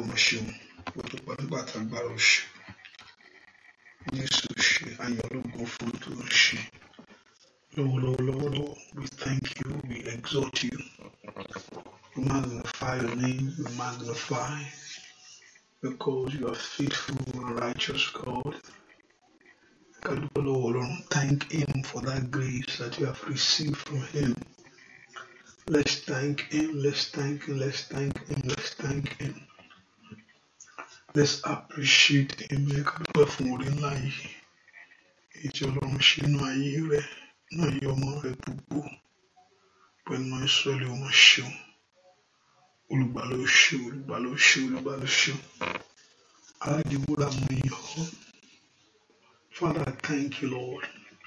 ọmọ ṣeun tó pa nígbà tá a oṣù ṣe ayọ̀ fún tó ń ṣe we thank you we exalt you we magnify your name we magnify because you are faithful and righteous God. God, Lord, thank Him for that grace that you have received from Him. Let's thank Him. Let's thank Him. Let's thank Him. Let's thank Him. Let's appreciate Him. Ẹ ká dúpẹ́ fún orí ńlá yìí. Ètò Ọlọ́run ṣínú ayé rẹ̀ náà yọ ọmọ rẹ̀ gbogbo. Pẹ̀lú Ìsọ̀lẹ̀ ọmọ ṣeun. Olùgbàlà ó ṣe, olùgbàlà ó ṣe, olùgbàlà ó ṣe. Aládìmúra Father, thank you, Lord.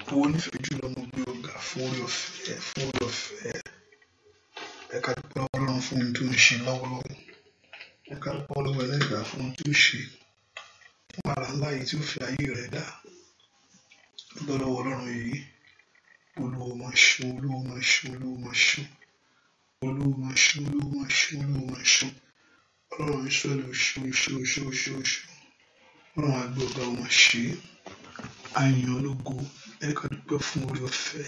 Owó nífẹ̀ẹ́ jùlọ mo gbé ọ̀gá fún orí ọ̀fẹ́, fún orí ọ̀fẹ́ ẹ ká dúpẹ́ lọ́wọ́ Ọlọ́run fún ohun tó ń ṣe lọ́wọ́lọ́wọ́ ẹ ká dúpẹ́ lọ́wọ́ ẹlẹ́gbàá fún ohun tó ń ṣe fún ara ńlá yìí tí ó fi ayé rẹ̀ dá dúpẹ́ lọ́wọ́ Ọlọ́run yìí olówó máa ṣó olówó máa ṣó olówó máa ṣó olówó máa ṣó olówó máa ṣó olówó máa ṣó Ọlọ́run ìṣòro ṣó ṣó ṣó ṣó Ọlọ́run àgbẹ̀ ọ̀gá ọmọ ṣe àyàn ológo ẹ dúpẹ́ fún orí ọ̀fẹ́.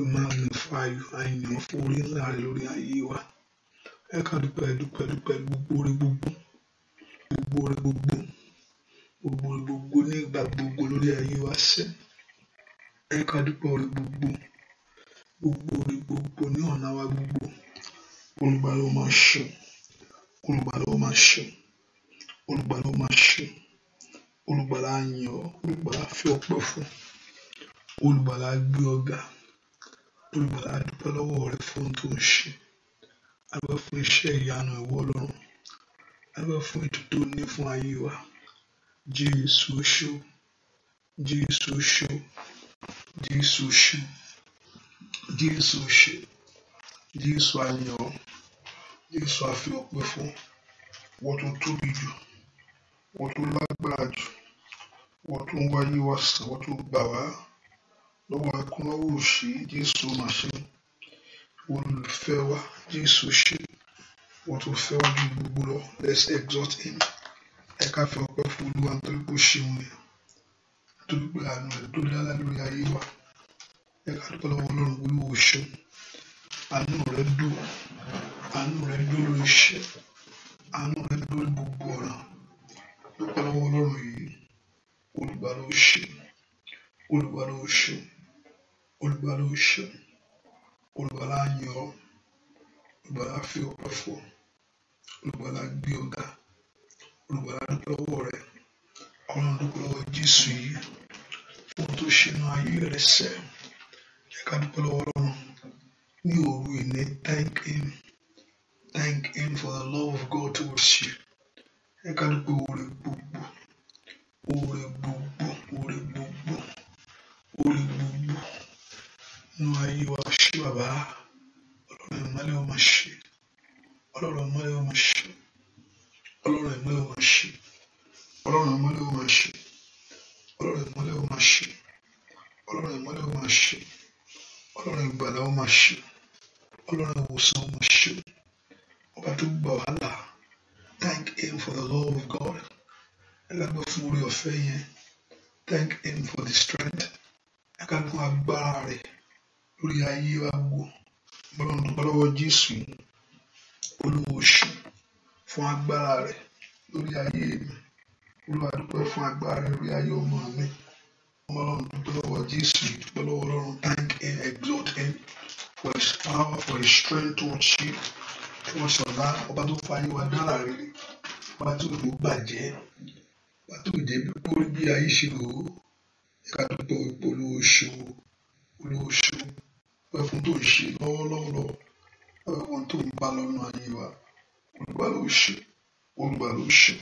magnify you àyàn fún orí ńlá rẹ lori ayé ẹ ká dúpẹ́ dúpẹ́ dúpẹ́ gbogbo orí gbogbo gbogbo orí gbogbo gbogbo orí gbogbo gbogbo lórí ayé wa ẹ ká dúpẹ́ gbogbo gbogbo orí gbogbo ní ọ̀nà wa gbogbo máa ṣe máa ṣe Olúwa a dúpẹ́ lọ́wọ́ rẹ fún ohun tó ń ṣe a dúpẹ́ fún iṣẹ́ ìyanu ìwọ Ọlọ́run a dúpẹ́ fún ètò tó ní fún ayé wa Jésù o ṣé o Jésù o ṣé o Jésù o ṣé o Jésù o ṣé Jésù a yìn ọ́ Jésù a fi ọpẹ́ fún wọ́n tó tóbi jù wọ́n tó lágbára jù wọ́n tó ń wáyé wa sàn wọ́n tó gbà wá lọ́wọ́ akúnnáwòṣì Jésù mà ṣe ìwọ olùfẹ́ wa Jésù ṣe ìwọ tó fẹ́ wá ju gbogbo lọ let's exalt him ẹ ká fi ọpẹ́ fún Olúwa nítorí pé ó ṣeun rẹ nítorí pé àánú rẹ tó lálá lórí ayé wa ẹ ká dúpẹ́ lọ́wọ́ Ọlọ́run Olúwa ó ṣeun àánú rẹ dùn àánú rẹ dùn lórí olùgbà ló ṣeun olùgbà la yọ̀ ọ́ olùgbà la fi ọpẹ́ fún olùgbà la gbé ọ̀gá olùgbà la dúpẹ́ lọ́wọ́ rẹ ọlọ́run dúpẹ́ lọ́wọ́ jésù yìí fún tó ṣẹnu ayé rẹ sẹ ẹ ká dúpẹ́ ní òru ìní thank him thank him for the love of God towards you ẹ ká dúpẹ́ oore gbogbo oore gbogbo. nínú ayé wa ṣé bàbá ọlọ́run ìmọ́lẹ̀ ọmọ ṣe ọlọ́run ìmọ́lẹ̀ ọmọ ṣe ọlọ́run ìmọ́lẹ̀ ọmọ ṣe ọlọ́run ìmọ́lẹ̀ ọmọ ṣe ọlọ́run ìmọ́lẹ̀ ọmọ ṣe ọlọ́run ìmọ́lẹ̀ ọmọ ṣe ọlọ́run ìgbàlà ọmọ ṣe ọlọ́run ìwòsàn ọmọ ṣe ọba tó gbà wàhálà thank him for the love of God ẹlẹ́gbẹ́ fún orí ọ̀fẹ́ yẹn thank him for the strength ẹ̀ka kan agbára rẹ̀ lórí ayé wa gbogbo ọlọ́run dúpẹ́ lọ́wọ́ Jésù olúwo ṣe fún agbára rẹ lórí ayé mi olúwa fún agbára rẹ lórí ayé ọmọ mi ọlọ́run dúpẹ́ Jésù dúpẹ́ lọ́wọ́ thank him exalt him for his power for his strength to achieve kí wọ́n ṣọ̀dá ọba tó fa ayé wa dára rere ọba tó lò ó ọba tó jẹ́ bí ayé ṣe lò ó ẹ̀ka dúpẹ́ olúwo ṣe olúwo ṣe ọpẹ́ fún tó ń ṣe lọ́wọ́lọ́wọ́ ọpẹ́ fún tó ń bá lọ́nà ayé wa olùgbà ló ṣe olùgbà ló ṣe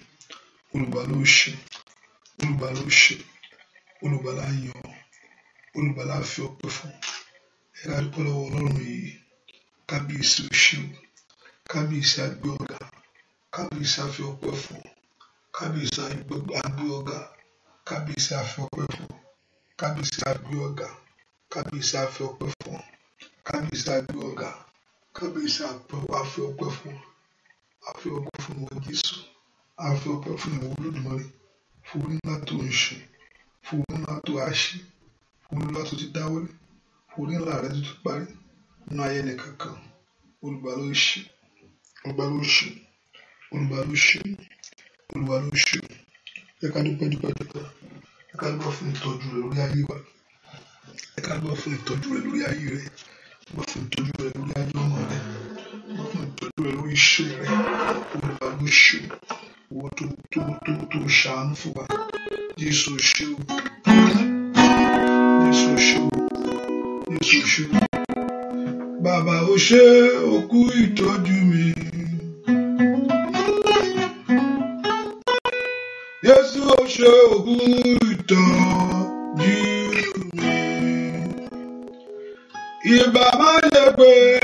olùgbà ló ṣe olùgbà ló ṣe olùgbà láyọ̀ olùgbà láfi ọpẹ́ fún ẹ̀ka dúpẹ́ lọ́wọ́ ọlọ́run yìí kábíyèsí òṣèlú kábíyèsí àgbé ọ̀gá kábíyèsí àfi ọpẹ́ kábíyèsí àgbé kábíyèsí àfi ọpẹ́ kábíyèsí àgbé kábíyèsí àfi ọpẹ́ kábíyèsí adúró ga kábíyèsí àfi ọpẹ́ fún àfi ọpẹ́ fún ìwọ Jésù àfi ọpẹ́ fún ìwọ Olódùmarè fún orí ńlá tó ń ṣe fún orí tó á ṣe fún orí tó ti dáwọ́lé fún orí ńlá tó ti parí nínú ayé nìkankan Olúwa ló ṣe Olúwa ló ló ṣe dúpẹ́ dúpẹ́ dúpẹ́ ẹ fún ìtọ́jú rẹ lórí ayé wa ẹ ká dúpẹ́ fún ìtọ́jú rẹ lórí ayé rẹ mo sì dojú rẹ lórí ayé ọmọ rẹ mo sì dojú rẹ lórí iṣẹ́ rẹ olùwà ló ṣe wo tó tó tó tó ṣàánú fún wa Jésù ṣe o Jésù ṣe o Jésù ṣe o bàbá o ṣe òkú ìtọ́jú mi. Jésù o ṣe òkú ìtọ́jú mi. pé.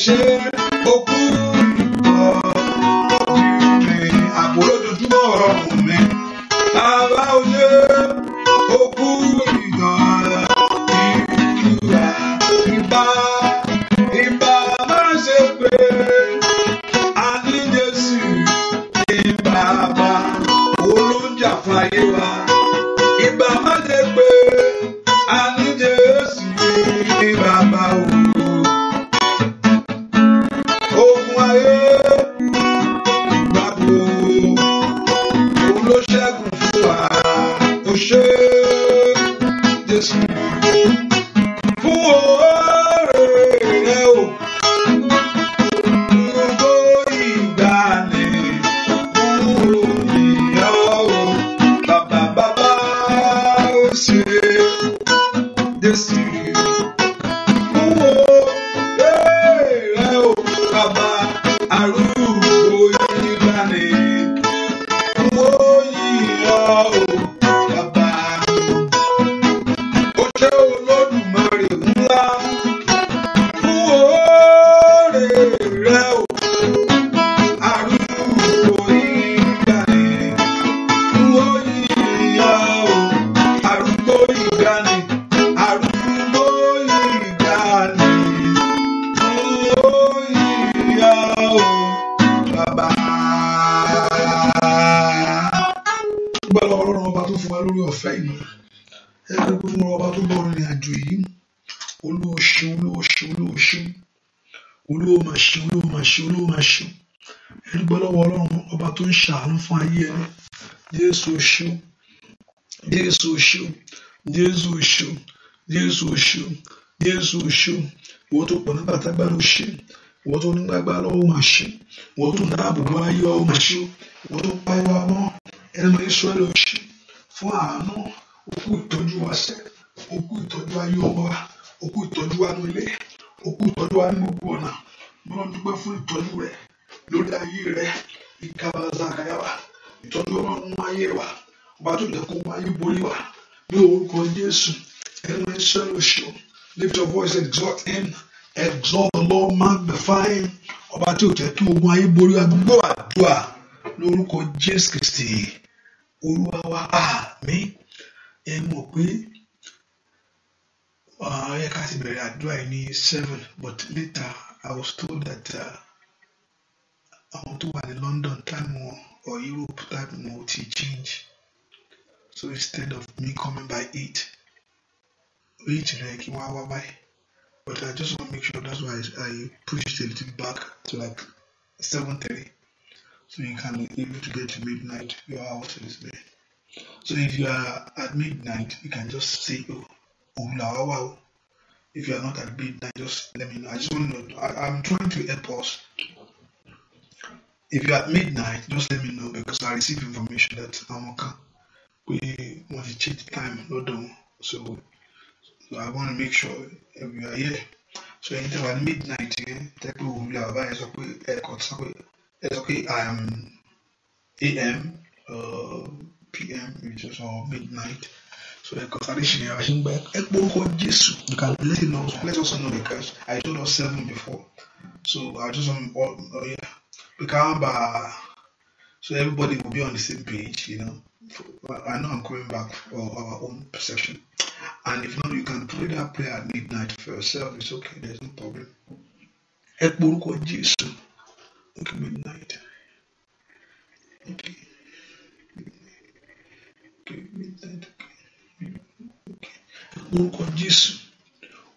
ṣe é. lórí ọ̀fẹ́ yìí ẹ pé kó fún ọba tó bọ̀ rìnrìn àjò yìí olúwo ṣe olúwo ṣe olúwo ṣe olúwo mà ṣe olúwo mà ṣe olúwo mà ṣe ẹdúgbọ́ lọ́wọ́ ọlọ́run ọba tó ń ṣàánú fún ayé ẹni jésù ṣe jésù ṣe jésù ṣe jésù ṣe jésù ṣe ìwọ tó pọ̀ nígbà tágbára ó ṣe ìwọ tó nígbàgbà lọ́wọ́ mà ṣe ìwọ tó dáàbò bọ́ ayé ọ́ mà ṣe ìwọ tó pa ẹwà mọ́ ẹni mọ́ israẹli ó ṣe fún àánú o kú ìtọ́jú wa sẹ́ o kú ìtọ́jú ayé ọmọ wa o kú ìtọ́jú wa ilé o kú ìtọ́jú wa ní gbogbo ọ̀nà mo lọ dúpẹ́ fún ìtọ́jú rẹ lórí ayé rẹ ìkàbàzà àkàyàwá ìtọ́jú ọlọ́run mú ayé wa ọba tó jẹ́ kó mú ayé borí wa ní orúkọ Jésù ẹnu iṣẹ́ lóṣù lift your voice exalt him exalt the Lord magnify him ọba tó jẹ́ kí ogun ayé borí wa gbogbo àdúrà lórúkọ Jésù Kristi olúwa wa àmín ẹ mọ̀ pé ẹ ká ti bẹ̀rẹ̀ àdúrà yìí ní seven but later I was told that àwọn tó wà ní London time wọn or Europe time wọn ti change so instead of me coming by eight eight rẹ̀ kí wọ́n á wá báyìí but I just wan make sure that's why I, I pushed a little back to like seven thirty so you can be able to get to midnight. Your house is there. So if you are at midnight, you can just say, oh, oh, wow. If you are not at midnight, just let me know. I just want to, I, I'm trying to help us. If you are at midnight, just let me know because I receive information that I'm okay. We want to change time, No don't. So, so I want to make sure if you are here. So, anytime at midnight, eh, tell people who are buying, It's okay. I AM uh, PM which is or uh, midnight. So the consolation here, I think back Ekboko Jesus. You can let it know let us know because I told us seven before. So I just um oh, oh yeah. We can by uh, so everybody will be on the same page, you know. I know I'm coming back for our own perception. And if not, you can pray that prayer at midnight for yourself. It's okay, there's no problem. Ekboko Jesus. Okay, midnight. Okay. Okay, midnight. Okay. Lórúkọ Jésù,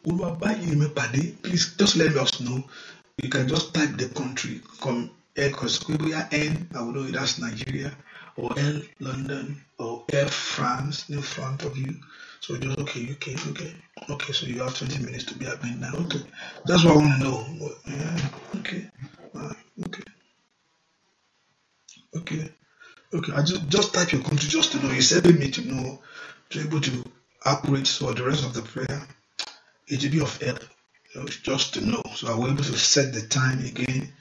Olúwa báyìí mi pàdé, please just let us know. You can just type the country, come L eh, N, I will know that's Nigeria, or L London, or F France in front of you. So just okay, okay, okay, okay. So you have 20 minutes to be at midnight. Okay, that's what I want to know. Yeah. Okay. All Okay. Okay. I just, just type your country just to know. You helping me to know to able to operate for the rest of the prayer. It will be of help you know, just to know. So I will able to set the time again.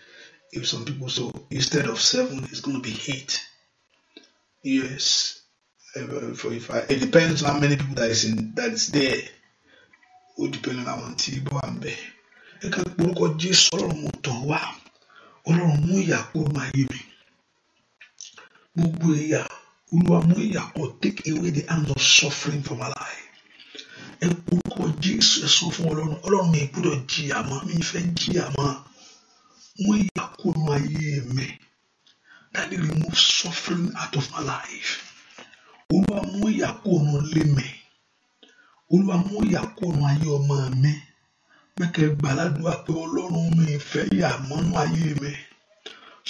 If some people so instead of seven, it's going to be eight. Yes. For if I, it depends how many people that is in that is there. Ó depend on àwọn tí bọ́ à ń bẹ̀. Ẹ ká orúkọ Jésù ọlọ́run mo tàn Ọlọ́run mú ìyàpọ̀ máa yé mi gbogbo ìyà olúwa mú ìyà kó take away the hands of suffering from our life ẹ orúkọ jésù ẹ sọ fún ọlọ́run ọlọ́run mi gbọ́dọ̀ jìyà mọ́ mi fẹ́ jìyà mọ́ mú ìyà kó nu ayé mi daddy remove suffering out of my life olúwa mú ìyà kó nu ilé mi olúwa mú ìyà kó nu ayé ọmọ mi mẹ́kẹ́ gbàládùá pé ọlọ́run mi fẹ́ yà mọ́nú ayé mi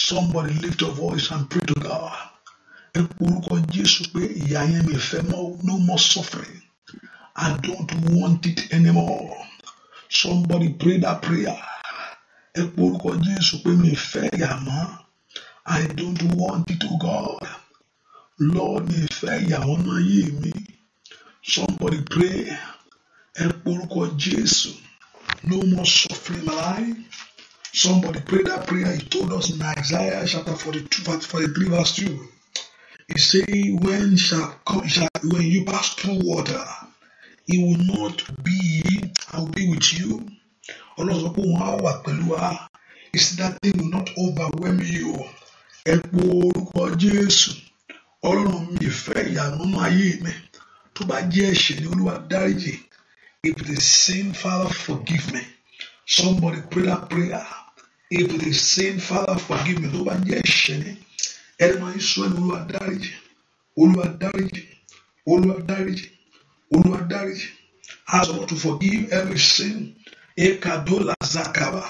somebody lift your voice and pray to God ẹ porúkọ Jésù pé ìyá yẹn mi fẹ́ mọ́ no more suffering I don't want it anymore somebody pray that prayer ẹ porúkọ Jésù pé mi fẹ́ ìyà mọ́ I don't want it o oh God Lord mi fẹ́ ìyà wọn mọ́ mi somebody pray ẹ porúkọ Jésù no more suffering my life. Somebody pray that prayer. He told us in Isaiah chapter forty-two 42, 43, verse 2. He say, when shall come, shall, when you pass through water, it will not be, I will be with you. Ọlọ́run sọ pé òun á that thing will not overwhelm you. Ẹ po orúkọ Jésù. Ọlọ́run mi ìfẹ́ ìyànú máa yé mi. Tó bá jẹ́ ẹ̀ṣẹ̀ ni Olúwa dáríjì. If it is sin, Father, forgive me. Somebody pray that prayer. If it is sin, Father, forgive me. Tó bá jẹ́ ẹ̀ṣẹ̀ ni ẹni máa ń sọ ẹni olúwa dáríjì olúwa dáríjì olúwa dáríjì to forgive every sin ekadola zakaba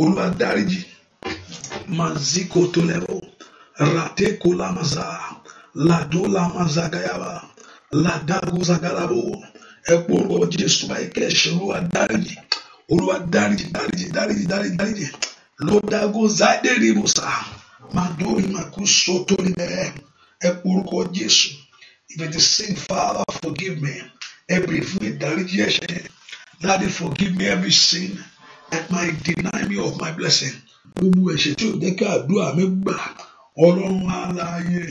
olúwa dáríjì manziko tó lẹ́wọ̀ rate kolamaza ladolamazagayaba ladagozagalabo ẹ̀pọ̀ orúkọ jésù báyìí kẹ́sì olúwa dáríjì olúwa dáríjì dáríjì dáríjì dáríjì lọ́dàgọ́zádẹ́rìmọ̀sá. Maduri Makuso Tolibere, Epuruko Jesu. If it is sin, Father, forgive me. Every Daddy, forgive me every sin that might deny me of my blessing. Gbogbo ẹ̀ṣẹ̀ tí ò jẹ́ kí àdúrà mi gbà, Ọlọ́run aláàyè,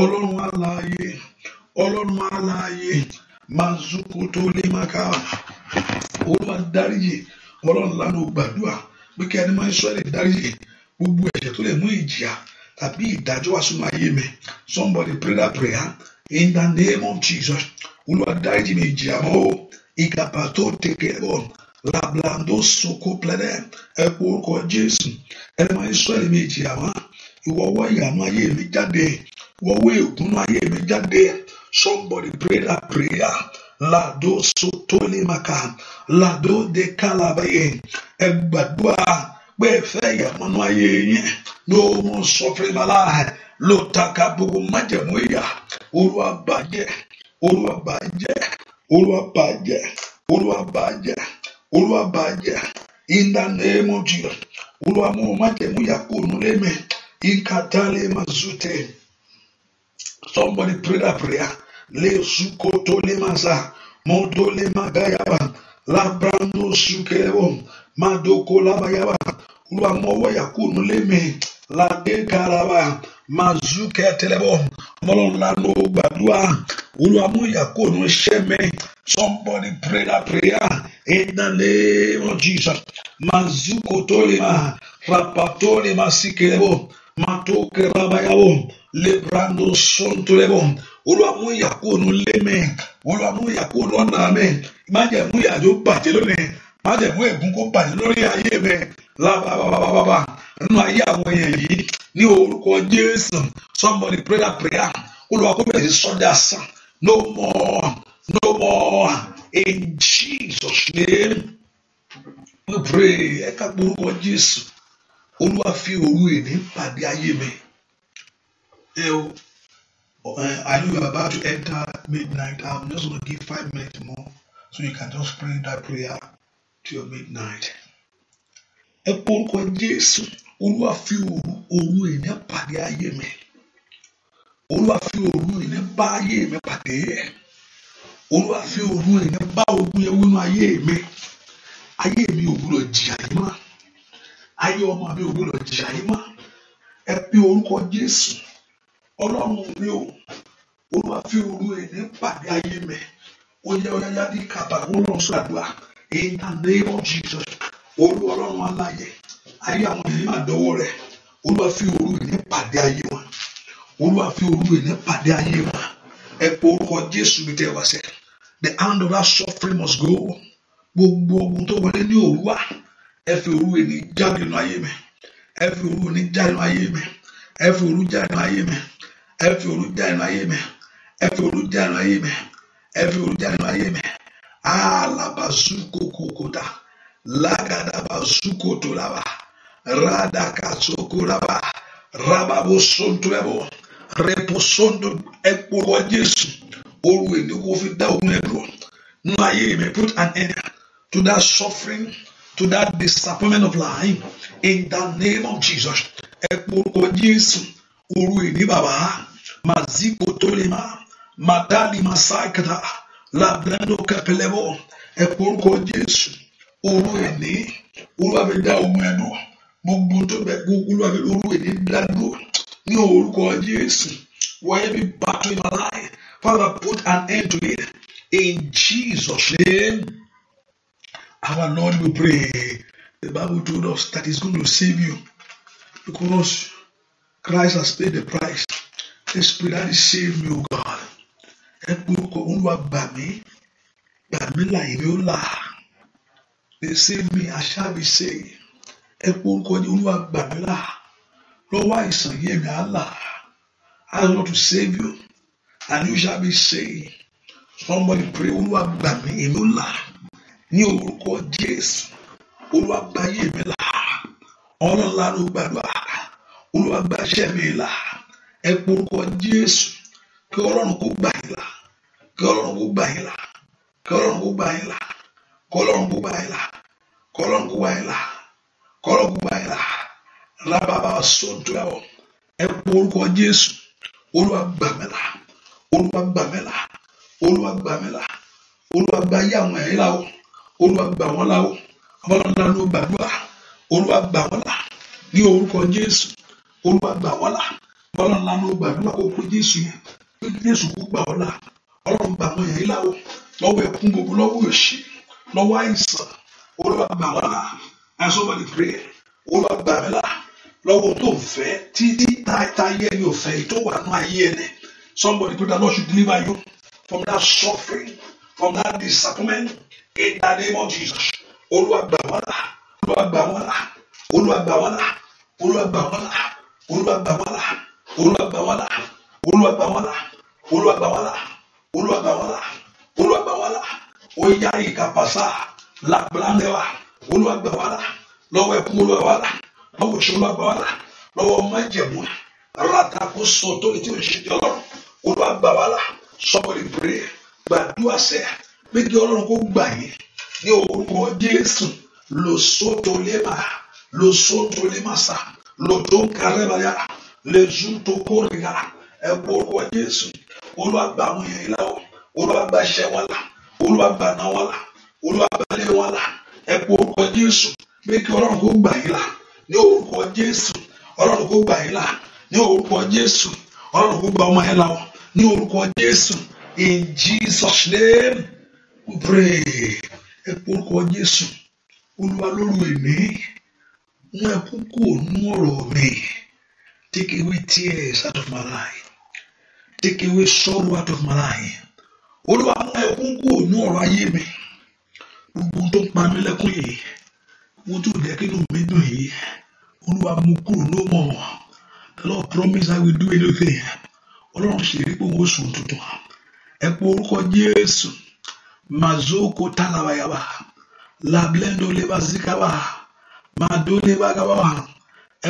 Ọlọ́run aláàyè, Ọlọ́run aláàyè, Màzúkú tó lé Máká, Olúwa dáríjì, Ọlọ́run lánàá gbàdúrà, pé kí ẹni máa ń sọ́ọ̀lì dáríjì gbogbo ẹ̀ṣẹ̀ tó lè mú ìjìyà tàbí ìdájọ́ wá ayé mi somebody pray that prayer in the name of Jesus olúwa dáríjì mi ìjìyà mọ́ o ìkàpà tó tẹ̀kẹ̀ bọ̀ lablando soko plẹ́dẹ̀ ẹ kó orúkọ Jésù ẹlẹ́mọ̀ Ísírẹ́lì mi ìjìyà mọ́ ìwọ ọwọ́ ìyànú ayé mi jáde ìwọ ọwọ́ ègún ayé mi jáde somebody pray that prayer lado sotoli maka lado de kalabaye ẹ gbàdúrà pé ìyàmọ́nú ayé yẹn no more suffering my ló taka gbogbo májẹ̀mú ìyà Olúwa bàjẹ́ Olúwa bàjẹ́ Olúwa bàjẹ́ Olúwa májẹ̀mú ìyà kó nu lémi mazute somebody pray that prayer lè sùkò tó lè máa sà mọ́tò lè máa gáyàwá lábrando sùkẹ́wọ̀n máa dóko lábáyáwá olúwa mú ọwọ́ yàkú nílé mi ládé garaba máa zú kẹtẹlẹbọ ọlọ́run lánà ó gbàdúrà olúwa mú yàkú ní iṣẹ́ mi somebody pray that prayer in the name of Jesus máa zú kótó lè máa rapató lè máa sí kẹlẹbọ máa tó kẹrẹbàbáyàwó lè brando lẹ́bọ̀ olúwa mú yàkú ní lé olúwa mú yàkú ní ọ̀nà mi má jẹ́ bàjẹ́ lónìí májẹ̀mú ègún kó bàjẹ́ lórí ayé rẹ lábàbàbàbà nínú ayé àwọn èèyàn yìí ní orúkọ Jésù somebody pray that prayer Olúwa kó bẹ̀rẹ̀ sí sọ́dá sàn no more no more in Jesus name we pray ẹ ká gbórúkọ Jésù Olúwa fi òru èní pàdé ayé mi ẹ o. I know you're about to enter midnight. I'm just going to give five minutes more so you can just pray that prayer till midnight. Ẹ pọ orúkọ Jésù, Olúwa fi òru òru ìní pàdé ayé mi. Olúwa fi òru ìní bá ayé mi pàdé. Olúwa fi òru ìní bá ogun ewu inú ayé mi. Ayé mi ò gbọdọ̀ jìyà yìí mọ́. Ayé ọmọ mi ò gbọdọ̀ jìyà yìí mọ́. Ẹ pe orúkọ Jésù, Ọlọ́run mi o. Olúwa fi òru ìní pàdé ayé mi. Oyè oyáyá ní kàbà wọ́n lọ sọ àdúrà in the name of Jesus olú ọlọ́run aláyẹ ayé àwọn ènìyàn máa dọwọ́ rẹ̀ olúwa fi òru ìní pàdé ayé wọn olúwa fi òru ìní pàdé ayé wọn ẹ pé orúkọ Jésù bí tẹ wá sẹ the hand of that suffering must go gbogbo ogun tó wọlé ní òru wa ẹ fi òru ìní jáde nínú ayé mi ẹ fi òru ìní jáde nínú ayé mi ẹ fi òru jáde nínú ayé mi ẹ fi òru jáde nínú ayé mi ẹ fi òru jáde nínú ayé mi ẹ fi òru jáde nínú ayé mi alabazuko kokoda lagadabazuko tolaba radakatsokolaba rababosontoyabo reposonto ẹkpọrọ Jésù olú èdè kò fi dá òun ẹdùn nínú ayé mi put an end to that suffering to that disappointment of life in the name of Jesus ẹkpọrọ Jésù olú èdè bàbá mazikoto lè má madali masaikata labrando kẹpẹlẹbọ ẹ pe orúkọ Jésù òru ìní Olúwa mi dá ohun ẹnu gbogbo tó bẹ gbogbo Olúwa mi òru ìní dádó ní orúkọ Jésù wọ́n yẹ bí battle in my life Father put an end to it in Jesus' name our Lord we pray the Bible told us that is going to save you because Christ has paid the price. Let's pray that he save me, O God ẹ pe orúkọ olúwa gbà mí gbà mí là èmi ó là lè ṣe mi àṣà mi ṣe ẹ pe orúkọ ní olúwa gbà mí là lọ́wọ́ àìsàn yé mi á là I want to save you and you shall be saved somebody pray olúwa gbà mí èmi ó là ní orúkọ Jésù olúwa gbà yé mi là ọlọ́run lánàá gbàdúrà olúwa gbà ṣẹ́ mi là ẹ pe Jésù kí ọlọ́run kó gbà yín là kí ọlọ́run kó gbà yín là kí ọlọ́run kó gbà yín là kí ọlọ́run kó gbà yín là kí ọlọ́run kó gbà yín là kí ọlọ́run kó gbà yín là lábàbà sọ̀dọ̀ ẹ̀ ọ́ ẹ kú orúkọ jésù olúwa gbà mí là olúwa gbà mí là olúwa àwọn ẹ̀yìn là ó olúwa gbà wọ́n ló gbàdúrà olúwa gbà là ní orúkọ jésù olúwa gbà là ọlọ́run ló gbàdúrà kó kú jésù yẹn. Jésù kú gbà ọ́ là ọlọ́run gbà àwọn èèyàn yìí láwọ̀ lọ́wọ́ ẹkún gbogbo lọ́wọ́ òṣì lọ́wọ́ àìsàn olúwa gbà wá là and somebody pray olúwa gbà mí là lọ́wọ́ tó ń fẹ́ títí táyé ẹni ò fẹ́ tó wà nù ayé ẹni somebody pray that Lord should deliver you from that suffering from that disappointment in the name of Jesus olúwa gbà wá là olúwa gbà wá là olúwa gbà wá là olúwa gbà wá là olúwa gbà wá là olúwa gbà wá là. Olúwa gbà wá là Olúwa gbà wá là Olúwa gbà wá là Olúwa gbà wá là ó yá ìkàpàṣà làbúlánẹ́wà Olúwa gbà wá là lọ́wọ́ ẹkún Olúwa wá là lọ́wọ́ ìṣòro Olúwa gbà wá là lọ́wọ́ májẹ̀mú rátakó sọ tó ní tí o ṣe di gbàdúrà sẹ́ pé kí Ọlọ́run gbà yín ní orúkọ Jésù lòsótólẹ́mà lòsótólẹ́mà sá lòdó nkàrẹ́bàyà lẹ́sùn tó kórìíra. ẹ kú orúkọ jésù olúwa gba àwọn èèyàn yìí là o olúwa wọn là olúwa gba wọn wọn orúkọ jésù pé kí gbà yín gbà yín ní orúkọ jésù ọlọ́run kó ọmọ ní orúkọ jésù in Jesus name we pray orúkọ jésù olúwa lóru èmi take away sorrow out of my life olúwa mú ẹkún kúrò ní ọ̀rọ̀ ayé mi gbogbo tó ń pa mí lẹ́kún yìí mo tún jẹ́ kí inú mi dùn yìí olúwa mú kúrò ló mọ̀ the Lord promise I will do anything ọlọ́run ṣe rí pé òun sùn tuntun ẹ pé orúkọ Jésù mazoko talabayaba lablendo lebazikaba mado lebagaba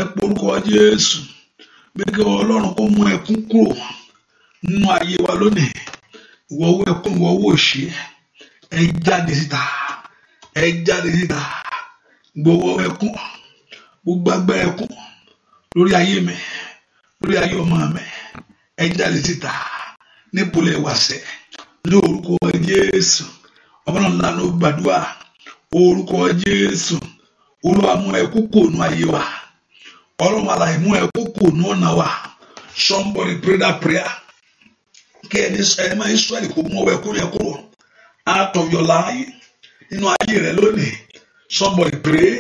ẹ pé orúkọ Jésù gbẹgẹ ọlọ́run kó mú ẹkún kúrò. nínú ayé wa lónìí ìwọ owó ẹkún ìwọ òṣì ẹ jáde síta ẹ jáde síta gbowó ẹkún gbogbo ẹkún lórí ayé mi lórí ayé ọmọ mi ẹ jáde síta wàṣẹ Jésù lánàá gbàdúrà orúkọ Jésù Olúwa mú kò ayé wa kò ọ̀nà wa somebody pray that prayer. kí ẹni sẹ ẹ máa Ísírẹ́lì mú ọwọ́ ẹkún kúrò out of your life nínú ayé rẹ lónìí somebody pray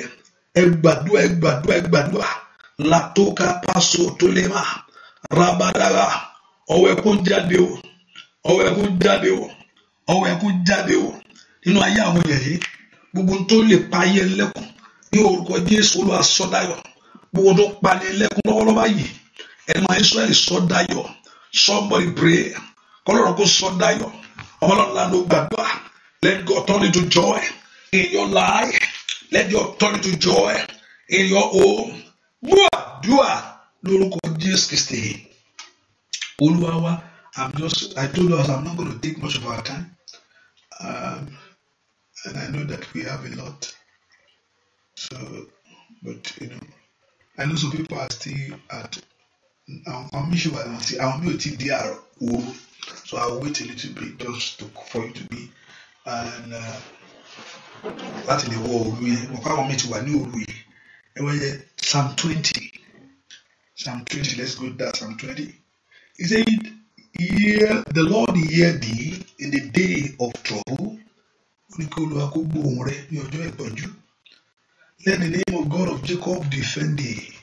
ẹ gbàdúrà ẹ gbàdúrà ẹ gbàdúrà látòkà pàṣẹ tó lè má rabadara ọwọ́ ẹkún jáde o ọwọ́ ẹkún jáde o ọwọ́ ẹkún jáde o nínú ayé àwọn èèyàn yìí gbogbo tó lè pa ayé lẹ́kùn ní orúkọ Jésù Olúwa sọdáyọ̀ gbogbo tó pa ní lẹ́kùn lọ́wọ́lọ́wọ́ yìí ẹ máa Ísírẹ́lì sọdáyọ̀ somebody pray kọlọ́run kò sọ dayọ̀ ọmọlọ́la ló gbàdúrà let God turn into joy in your life let God turn into joy in your home gbàdúrà lórúkọ Jésù Kristi olúwa wa i'm just i told us i'm not gonna take much of our time um, and i know that we have a lot so but you know i know some people are still at àwọn kan mi ṣe wà ní àwọn mi ò ti di àrò òru. So I'll wait a little bit just to, for you to be and that in the world yẹn will come àwọn a new way. ní òru Psalm twenty Psalm twenty let's go there Psalm twenty he said hear the Lord hear thee in the day of trouble let the name of God of Jacob defend thee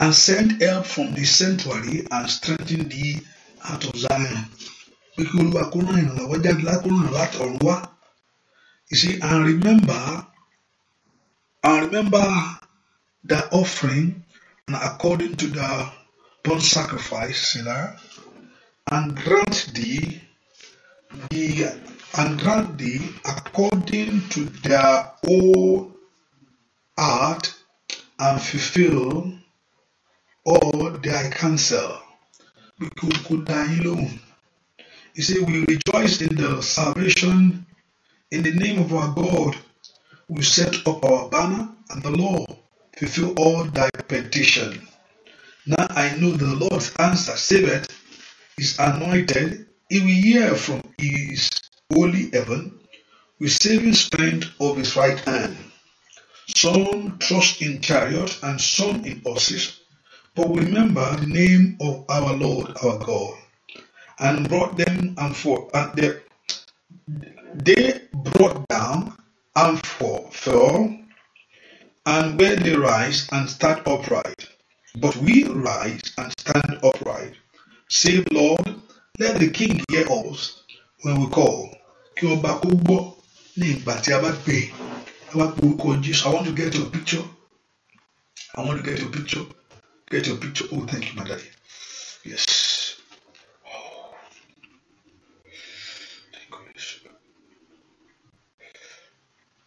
and sent help from the sanctuary and strengthen thee heart of Zion. Pé kí Olúwa You see, and remember, and remember the offering and according to the burnt sacrifice, sinner, and grant thee the and grant thee according to their own heart and fulfill or their counsel. we could die alone. You see, We rejoice in the salvation. In the name of our God, we set up our banner, and the Lord fulfill all thy petition. Now I know the Lord's answer saveth is anointed. He will hear from his holy heaven with saving strength of his right hand. Some trust in chariots and some in horses, but remember the name of our Lord our God and brought them and for and they, they brought down and for, fell and where they rise and stand upright. But we rise and stand upright. Say, Lord, let the King hear us when we call. Kí ọba kó gbọ́ pe I want to get your picture. I want to get your picture. Get your picture. Oh, thank you, my daddy. Yes. Oh. Thank you, yes.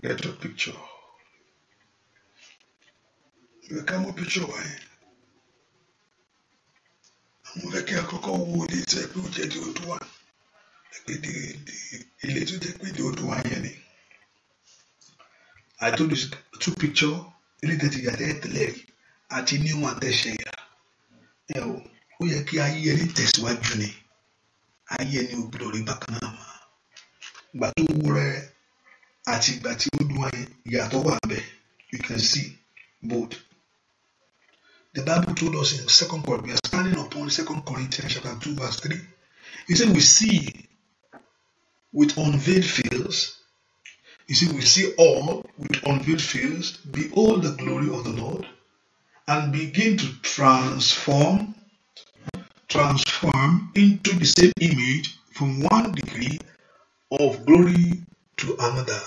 Get your picture. You come up picture, why? Mo fẹ́ kí àkọ́kọ́ wo ní ìtẹ́ pé ó jẹ́ di The wa. the, tó jẹ́ pé di odò wa yẹn ni. I told you two picture, ilé tẹ̀sí yàtẹ̀ tẹ̀lé leg àti new one tẹ̀sẹ̀ yà ẹ o ó yẹ kí ayé ẹni tẹ̀síwájú ni ayé ẹni ò gbọdọ̀ rí bákan náà mọ́ ìgbà tó wú rẹ àti ìgbà tí ó dùn ẹ ìyàtọ̀ wà bẹ̀ you can see both. The Bible told us in Second Corinthians, we are standing upon Second Corinthians chapter two verse three. He said, "We see with unveiled fields." He said, we see all with unveiled fields, behold the glory of the Lord, and begin to transform transform into the same image from one degree of glory to another.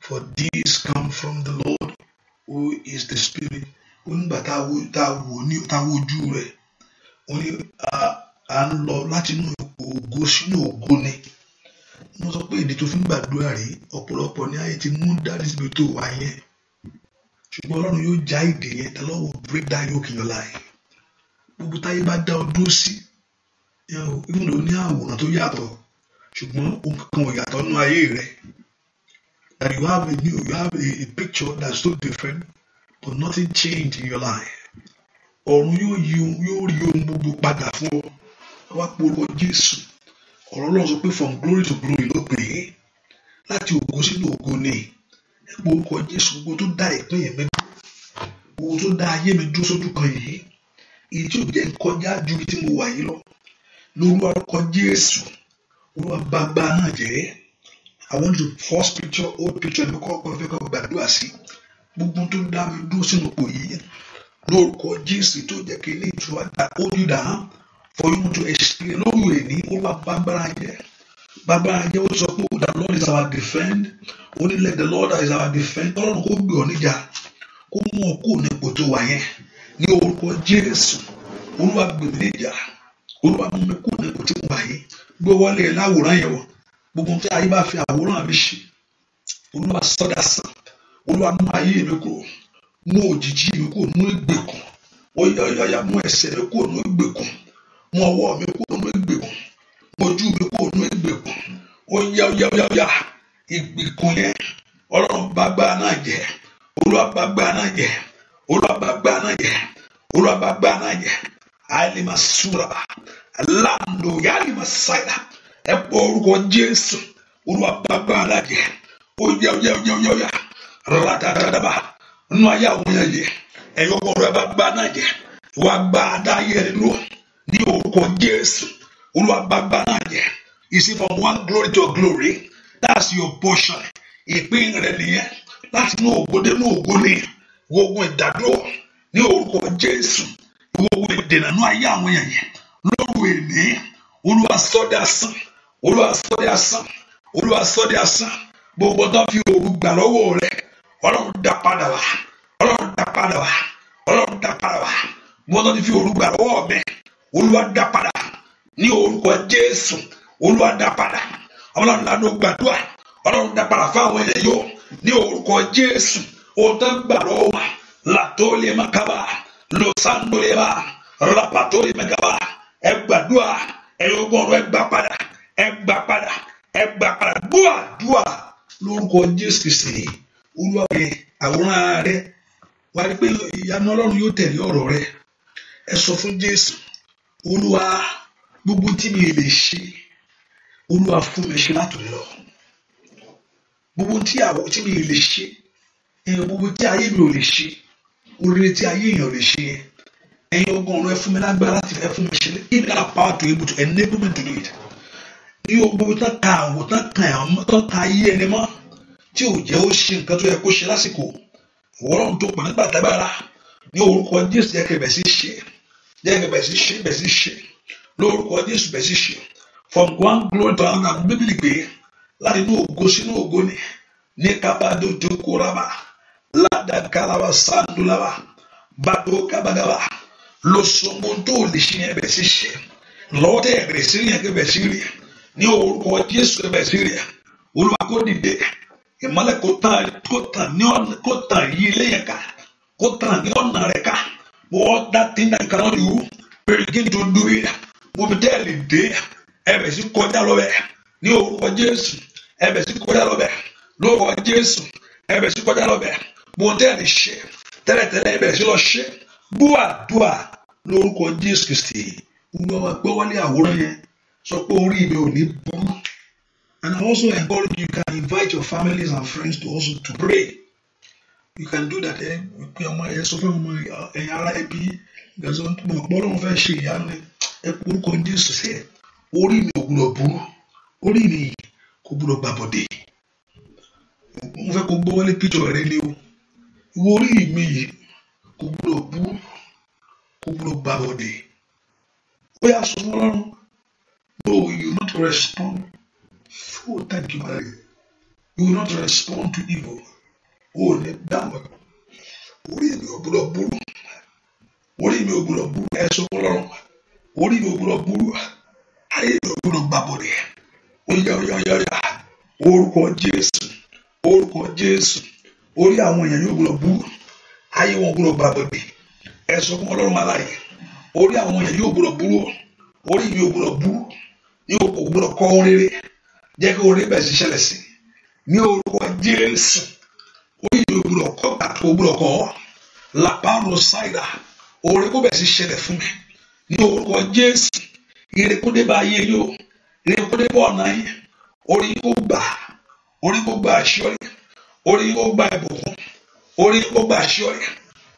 For these come from the Lord who is the Spirit. Mo sọ pé ìdí tó fi ń gbàdúrà rèé, ọ̀pọ̀lọpọ̀ ní ayé ti mú dáadé síbi tó wà yẹn ṣùgbọ́n ọlọ́run yóò já ìdè yẹn the Lord will break that yoke in your life gbogbo táyé bá dá ọ dúró sí ìwúlò ní àwòrán tó yàtọ̀ ṣùgbọ́n ohun kan ò yàtọ̀ nínú ayé rẹ that you have a new you have a, a picture that's so different but nothing changed in your life ọ̀run yóò yí yóò rí ohun gbogbo padà fún ọ wá polówó Jésù ọ̀rọ̀ Ọlọ́run sọ pé from glory to glory ló pè é láti ògo sínú ògo ni. No orúkọ Jésù gbogbo tó dá ìpín mi dúró gbogbo tó dá ayé mi dúró sójú kan yìí èyí tí ò jẹ́ kọjá ju ibi tí mo wà yìí lọ lórúkọ orúkọ Jésù olúwa bàbá náà jẹ́ I want to first picture old picture mi kọ́kọ́ fẹ́ kọ́ gbàdúrà sí gbogbo tó dá mi dúró sínú ipò yìí lórúkọ Jésù tó jẹ́ kí ilé ìtura dá ó dìdá for you to experience lórí èní olúwa bàbá náà jẹ́. Baba, ajẹ́ ó sọ pé oh, the lord is our defend ó ní let the lord is our defend ọlọ́run kó gbé ọ níjà kó mú ọ kúrò ní ipò tó wà yẹn ní orúkọ jésù olúwa gbé mi níjà olúwa mú mi kúrò ní ipò tí mo wà yẹn gbé wọlé láwòrán yẹn wọ gbogbo tí ayé bá fi àwòrán mi ṣe olúwa sọdá sàn olúwa mú ayé mi kúrò mú òjìji mi kúrò mú ìgbèkùn ọyọyọyọ mú ẹsẹ̀ mi kúrò mú ìgbèkùn mú ọwọ́ mi kúrò mú ìgbèkùn mú ojú mi kúrò mú ìgbèkùn. ìgbèkùn ó yá yá yá yá ìgbèkùn yẹn ọlọ́run bá gbá náà jẹ olúwa bá gbà náà jẹ olúwa bá gbà náà jẹ olúwa bá gbá náà jẹ alimasura alando orúkọ jésù náà jẹ nínú ayé àwọn yẹn yẹ ẹyọ You see, from one glory to glory, that's your portion. Ìpín rẹ̀ nìyẹn láti inú ògo dé inú ògo ni ogun ìdádúró ní orúkọ Jésù ogun ìdènà ní ayé àwọn èèyàn yẹn lóru èní Olúwa sọ́dẹ̀ asán Olúwa sọ́dẹ̀ asán Olúwa sọ́dẹ̀ asán gbogbo tó fi òru gbà lọ́wọ́ rẹ̀ Ọlọ́run dá padà wá Ọlọ́run dá padà wá Ọlọ́run dá padà wá gbogbo tó fi òru gbà lọ́wọ́ mi Olúwa dá padà ní orúkọ Jésù olúwa dá padà ọlọ́run lánàá gbàdúrà ọlọ́run dá padà fáwọn ẹ̀yẹ yóò ní orúkọ jésù ohun tó ń gbà lọ́wọ́ wa làtó lè má kábà lọ́sàndó lè má rapàtó lè má kábà ẹ gbàdúrà ẹ̀yọ́ gbọ́dọ̀ ẹ gbà padà ẹ gbà padà ẹ gbà padà dúà dúà lórúkọ jésù kìsì olúwa rẹ àwòrán rẹ wà á rí pé ìyanu ọlọ́run yóò tẹ̀lé ọ̀rọ̀ rẹ ẹ sọ fún jésù olúwa gbogbo tí mi lè ṣe olúwa fún mi ṣe látòlẹ́ lọ gbogbo tí àwọ̀ tí mi lè ṣe ẹ̀yìn gbogbo tí ayé mi ò lè ṣe oríire tí ayé èèyàn lè ṣe yẹn ẹ̀yin ogun ọ̀run mi lágbára láti ẹ fún mi ṣe in that power to able to enable me to do it ní gbogbo tán ka àwọ̀ tán kan àmọ́ tán ka ayé ẹni mọ́ tí ò jẹ́ ó ṣe nǹkan tó yẹ kó ṣe lásìkò ìwọ́rọ̀ tó pọ̀ nígbà tágbára ní orúkọ Jésù jẹ́ kẹ́ bẹ̀ sí ṣe jẹ́ kẹ́ bẹ̀ sí ṣe bẹ̀ sí ṣe lórúkọ Jésù bẹ̀ sí ṣe from one glory to another bíbélì gbé láti inú ògo sínú ògo ni ní kábàdó jókòraba ládàkàlàbà sàndùlàbà bàdó kábàgàbà lọ́sọ̀gbọ́ntò lè ṣe yẹn bẹ̀ sí ṣe lọ́wọ́ tẹ̀ bẹ̀ sí yẹn kẹ́ bẹ̀ sí rí ní orúkọ Jésù bẹ̀ sí rí Olúwa kó dìde ìmọ́lẹ̀ kó tàn kó tàn ní ọ̀nà kó tàn yí lẹ́yìn ká kó tàn ní ọ̀nà rẹ̀ ká wọ́n dá tí náà kàn án yìí begin to do it mo bẹ̀ tẹ́ lè dé ẹbẹ̀ sí kọjá lọ́bẹ̀ ní orúkọ Jésù ẹbẹ̀ sí kọjá lọ́bẹ̀ lórúkọ Jésù ẹbẹ̀ sí kọjá lọ́bẹ̀ mo tẹ́lẹ̀ ní ṣe tẹ́lẹ̀tẹ́lẹ̀ ẹbẹ̀ sí lọ ṣe búà dùà lórúkọ Jésù Kristi gbogbo ọmọ ẹgbẹ́ wọlé àwòrán yẹn sọ pé orí mi ò ní burú and I also encourage you can invite your families and friends to also to pray you can do that ẹ eh? pe ọmọ ẹ sọ fún ọmọ ẹ̀yin ará ẹbí gàzọ ọpọlọ wọn fẹ́ ṣe ìyá ẹ orúkọ Jésù sí ẹ orí mi ò gbúdọ̀ burú orí mi kò gbúdọ̀ gbàbọ̀dẹ̀ mo fẹ́ kó gbówọ́lé píjọ rẹ lé o ìwọ orí mi yìí kò gbúdọ̀ burú kò gbúdọ̀ gbàbọ̀dẹ̀ ó yà sọ fún ọlọ́run no you not respond oh thank you mary you not respond to evil o ò ní dáhùn orí mi ò gbúdọ̀ burú orí mi ò gbúdọ̀ burú ẹ sọ fún ọlọ́run orí mi ò gbúdọ̀ burú ayé ló gbọ́dọ̀ gbàbọdẹ oyè oyè oyè oyè orúkọ Jésù orúkọ Jésù orí àwọn èèyàn yóò gbọ́dọ̀ bú ayé wọn gbọ́dọ̀ gbàbọdẹ ẹsùn fún Ọlọ́run aláyè orí àwọn èèyàn yóò gbọ́dọ̀ burú orí mi ò gbọ́dọ̀ burú ní o kò gbọ́dọ̀ kọ ohun rere jẹ́ kí orí bẹ́ẹ̀ ṣiṣẹlẹ̀ sí ní orúkọ Jésù orí mi ò gbọ́dọ̀ kọ àti o gbọ́dọ̀ kọ làpárò ṣáìdà orí kó bẹ́ẹ̀ ṣiṣẹlẹ̀ fún mi ní orúkọ Jésù ìrèkúdé bá ayé yìí o ìrèkúdé bọ̀ ọ̀nà yìí orí kò gbà orí kò gbà Ori orí kò gbà ìbùkún orí kò gbà Ori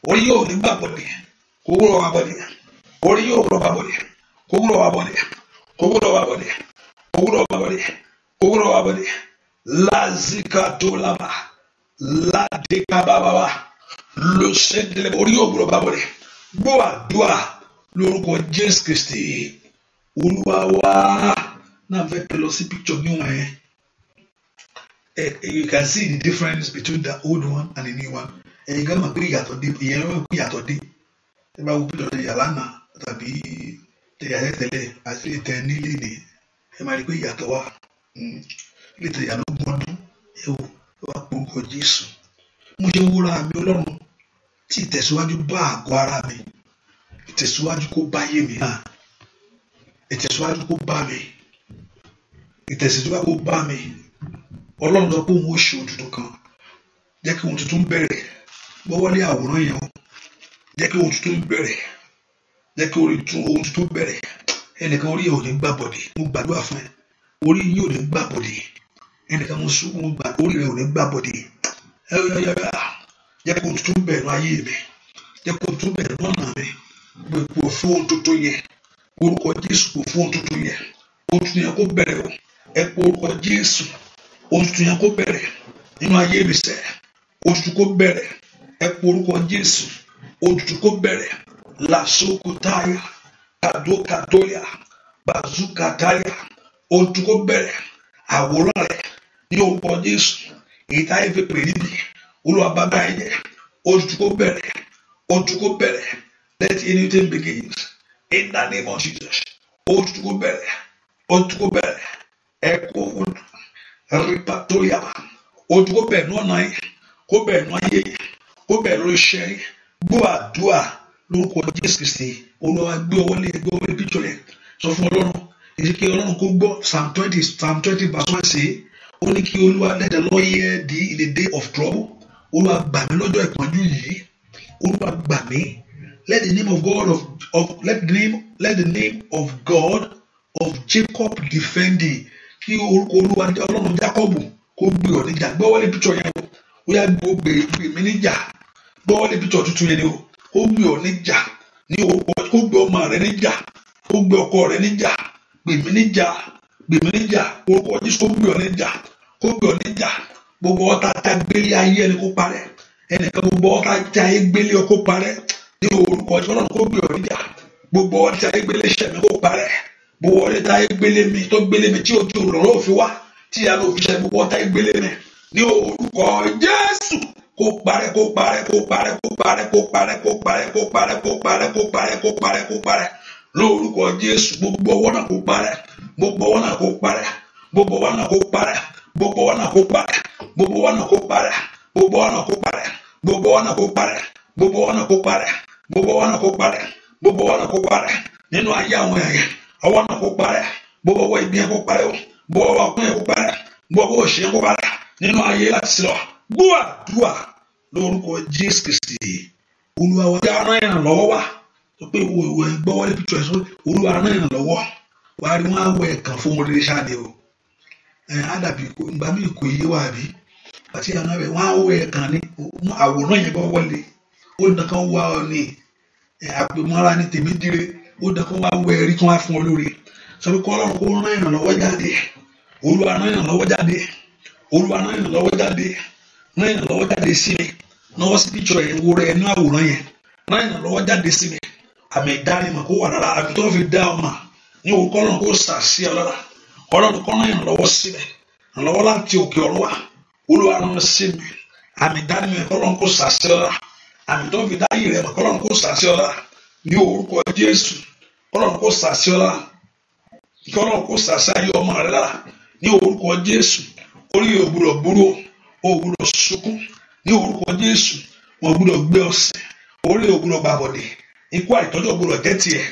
orí yóò ní gbà bọ̀dẹ̀ kò wúrọ̀ wà bọ̀dẹ̀ orí yóò wúrọ̀ wà bọ̀dẹ̀ kò wúrọ̀ wà bọ̀dẹ̀ kò wúrọ̀ wà bọ̀dẹ̀ kò wúrọ̀ wà bọ̀dẹ̀ kò wúrọ̀ wà bọ̀dẹ̀ lásìkò tó lábà ládékábàbà lọ́sẹ̀dẹ̀lẹ̀ orí yóò wúrọ̀ wà bọ̀dẹ̀ Kristi olúwa wá náà fẹ́ kẹ́ lọ sí picture níwọ̀n yẹn you can see the difference between the old one and the new one ẹ̀yin kan mọ̀ pé ìyàtọ̀ dé ìyẹn mọ̀ pé ìyàtọ̀ dé ẹ bá wo picture tẹ̀yà lánàá tàbí tẹ̀yà tẹ̀lẹ̀ àti tẹ̀ nílé ni ẹ máa rí pé ìyàtọ̀ wà ilé hmm. tẹ̀yà ló gbọ́dún ẹ wò ẹ wá gbogbo Jésù mo ṣe wúra mi Ọlọ́run tí ìtẹ̀síwájú bá àgọ́ ara mi ìtẹ̀síwájú kó báyé mi hàn ìtẹ̀síwájú kó bá mi ìtẹ̀síwájú kó bá mi ọlọ́run sọ pé òun ó ṣe ohun tuntun kan jẹ́ kí ohun tuntun bẹ̀rẹ̀ gbọ́wọ́lé àwòrán yẹn o jẹ́ kí ohun tuntun bẹ̀rẹ̀ jẹ́ kí ohun tuntun bẹ̀rẹ̀ ẹnìkan orí yẹn ò ní gbà bọ̀dì mo gbàdúrà fún ẹ orí yìí ò ní gbà bọ̀dì ẹnìkan mo sún mo gbà orí rẹ ò ní gbà bọ̀dì jẹ́ kí ohun tuntun bẹ̀rẹ̀ nù ayé mi jẹ́ kí ohun tuntun bẹ̀rẹ̀ nù ọ̀nà mi gbogbo fún ohun tuntun yẹn orúkọ jésù kò fún tuntun yẹn oṣù yẹn kó bẹ̀rẹ̀ o ẹ pé orúkọ jésù oṣù yẹn kó bẹ̀rẹ̀ nínú ayé mi sẹ́ oṣù kó bẹ̀rẹ̀ ẹ pé orúkọ jésù oṣù kó bẹ̀rẹ̀ làṣokòtáyà kàdókàdóyà bàzúkàtáyà oṣù kó bẹ̀rẹ̀ àwòrán rẹ̀ ní orúkọ jésù èyí táyé fi pè níbi olúwa bàbá ẹ̀yẹ oṣù kó bẹ̀rẹ̀ oṣù kó bẹ̀rẹ̀ let anything begin. In the name of Jesus. Otukubere. Otukubere. Eko ripatoyaba. Otukubere nù ọ̀nà yìí. Kó bẹ̀rẹ̀ nù ayé yìí. Kó bẹ̀rẹ̀ lórí iṣẹ́ yìí. Gbọ́ àdúrà lórúkọ Jésù Kristi. Olúwa gbé ọwọ́ lé gbé ọwọ́ lé píjọ rẹ̀. Sọ fún Ọlọ́run. Èyí kí Ọlọ́run Psalm twenty Psalm twenty verse one say. Ó ní kí Olúwa let the Lord hear thee in the day of trouble. Olúwa gbà mí lọ́jọ́ ìpọ́njú yìí. Olúwa gbà mí. Let the name of God of, of let the name let the name of God of Jacob defend thee. Kí orúkọ Olúwa Ọlọ́run Jákọ́bù kó gbé ọ níjà. Gbọ́ wọlé pítsọ̀ yẹn o. Ó yá gbé gbé mi níjà. Gbọ́ wọlé pítsọ̀ tuntun yẹn ni o. Ó gbé ọ níjà. Ní orúkọ kó gbé ọmọ rẹ níjà. Kó gbé ọkọ rẹ níjà. Gbè mí níjà. Gbè mí níjà. Orúkọ Jésù kó gbé ọ níjà. Kó gbé ọ níjà. Gbogbo ọ̀tá tá gbélé ayé ẹni kó parẹ́. Ẹnìkan gbogbo ọ̀tá tá gbélé ọ kó parẹ́ ní orúkọ ọlọ́run kó gbé orí jà gbogbo ọdí táyé gbélé iṣẹ́ mi kó parẹ́ gbogbo ọdí táyé gbélé mi tó gbélé mi tí ojú òróró òfin wá tí ìyá ló fi ṣe gbogbo táyé gbélé mi ní orúkọ jésù kó parẹ́ kó parẹ́ kó parẹ́ kó parẹ́ kó parẹ́ kó parẹ́ kó parẹ́ kó parẹ́ kó parẹ́ kó parẹ́ kó parẹ́ lórúkọ jésù gbogbo ọwọ́ náà kó parẹ́ gbogbo ọwọ́ náà kó parẹ́ gbogbo ọwọ́ náà kó parẹ́ gbogbo ọwọ́ náà kó parẹ́ gbogbo ọwọ́ náà kó parẹ́ gbogbo ọwọ́ náà kó parẹ́ gbogbo ọwọ́ náà kó parẹ́ gbogbo ọwọ́ náà kó parẹ́ gbogbo wa náà kó padà gbogbo wa kó padà nínú ayé àwọn èèyàn ọwọ́ náà kó padà gbogbo ọwọ́ ìgbín kó o gbogbo ọkùnrin kó padà gbogbo òṣè kó nínú ayé láti sílọ gbọ́ àdúrà lórúkọ Jésù Kristi Olúwa ìrànlọ́wọ́ tó pé ẹ̀ sọ ìrànlọ́wọ́ ó dankan wá ọ ní àpèmọ́ra ní tèmi dire ó dankan wá wẹ ẹ̀rí kan wá fún ọ lórí sọ pé kọ́ ọlọ́run kó rán ìrànlọ́wọ́ jáde olúwa rán ìrànlọ́wọ́ jáde olúwa rán ìrànlọ́wọ́ jáde rán ìrànlọ́wọ́ jáde sí mi náwó sí píṣọ yẹn wo rẹ inú àwòrán yẹn rán ìrànlọ́wọ́ jáde sí mi àmì ìdánimọ̀ kó wà lára àmì tó fi dá ọmọ ní òun kọ́ ọlọ́run kó sà sí ọ lára ọlọ́run kó rán ìrànlọ́wọ́ sí mi ìrànlọ́wọ́ láti òkè ọ̀rọ̀ wa olúwa rán sí mi àmì ìdánimọ̀ kọ́ ọlọ́run kó sà sí ọ lára àmì tó fi dáyé rẹ mọ̀ kọ́lọ́run kò sàṣẹ ọlá ní orúkọ Jésù kọ́lọ́run kò sàṣẹ ọlá kọ́lọ́run kò sàṣẹ ayé ọmọ rẹ lára ní orúkọ Jésù orí ògbúdọ̀ burú ògbúdọ̀ sunkún ní orúkọ Jésù wọn gbúdọ̀ gbé ọ̀sẹ̀ orí ògbúdọ̀ gbàbọ̀dẹ̀ ikú àìtọ́jọ́ gbúdọ̀ jẹ́ tiẹ̀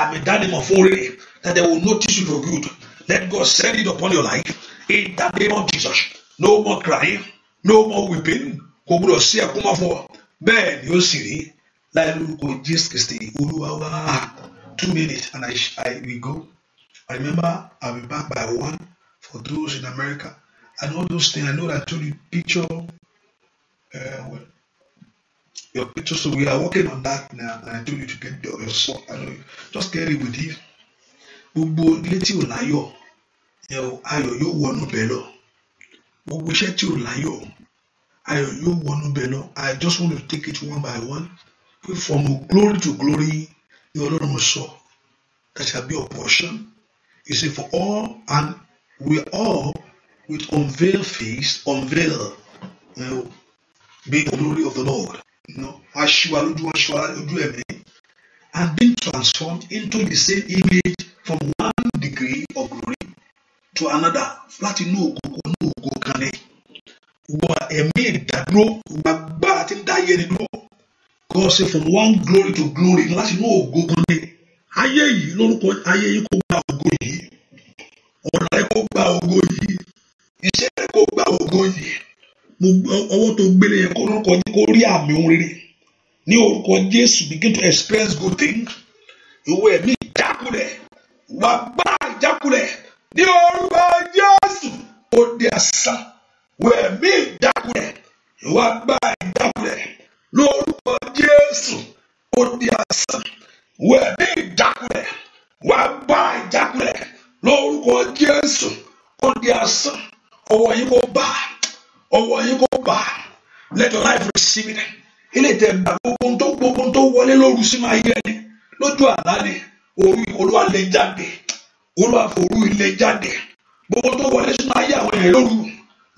àmì ìdánimọ̀ fún rere that they will notice you for good let God send it upon your life in the name of Jesus no more crying no more weeping kò gbúdọ̀ sí ẹkún mọ́ fún ọ bẹ́ẹ̀ ni ó sì rí láì lórúkọ Jésù Kristi Olúwa wá two minutes and I, I will go I remember I will back by one for those in America and all those things I know that I you picture uh, well, your picture so we are working on that now and I told you to get your, your son I know you just get it with you gbogbo ilé tí ò láyọ̀ ayọ̀ yóò wọnú bẹ́ẹ̀ lọ gbogbo iṣẹ́ tí ò láyọ̀ ayọ̀ yóò wọnú bẹ̀ lọ I just want to take it one by one from glory to glory ni Ọlọ́run sọ that shall be our portion You see, for all and we all with unveiled face unveil you know, be the glory of the Lord you know, aṣíwá lójú aṣíwá lójú and being transformed into the same image from one degree of glory to another láti inú ògo kan ní ògo ẹ̀mí ìdádúró gbogbo agbára tí ń dá ayé ni dúró kọ́ ṣe from one glory to glory láti inú ògo kan ní ayé yìí lórúkọ ayé yìí kò gba ògo yìí ọ̀nà rẹ kò gba ògo yìí iṣẹ́ rẹ kò gba ògo yìí ọwọ́ tó gbélé yẹn kó lórúkọ jẹ́ kó rí àmì ohun rere ní orúkọ Jésù begin to express good thing ìwé ẹ̀mí ìjákulẹ̀ wàá gbá ìjákulẹ̀ ní orúkọ Jésù ó dé àṣà wẹ̀mí ìjákulẹ̀ ìwà gba ìjákulẹ̀ lórúkọ Jésù ó di asán wẹ̀mí ìjákulẹ̀ wà gba ìjákulẹ̀ lórúkọ Jésù ó di asán ọwọ́ yìí kò bá ọwọ́ yìí kò bá let your life receive it ilé tẹ̀ gbà gbogbo tó gbogbo tó wọlé lóru sí máa yẹ ni lójú àlá ni òru olúwa lè jáde olúwa fòru ilé jáde gbogbo tó wọlé sínú ayé àwọn èèyàn lóru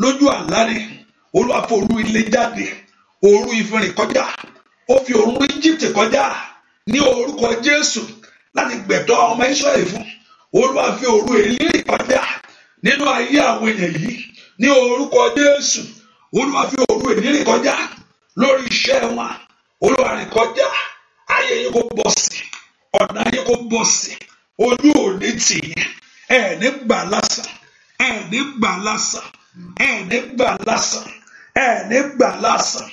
lójú àlá ni olúwa forú ilé jáde òru ìfìrìn kọjá ó fi òru Egypt kọjá ní orúkọ Jésù láti gbẹ̀tọ́ ọmọ Ísírẹ́lì fún olúwa fi òru èlírì kọjá nínú ayé àwọn èèyàn yìí ní orúkọ Jésù olúwa fi òru èlírì kọjá lórí iṣẹ́ wọn olúwa kọjá ayé yìí kò bọ̀ sí ọ̀nà yìí kò bọ̀ sí ojú òní tì yín ẹ̀ ní gbà lásán ẹ̀ ní gbà lásán ẹ̀ẹ́dẹ́ gbà lásán ẹ̀ẹ́dẹ́ gbà lásán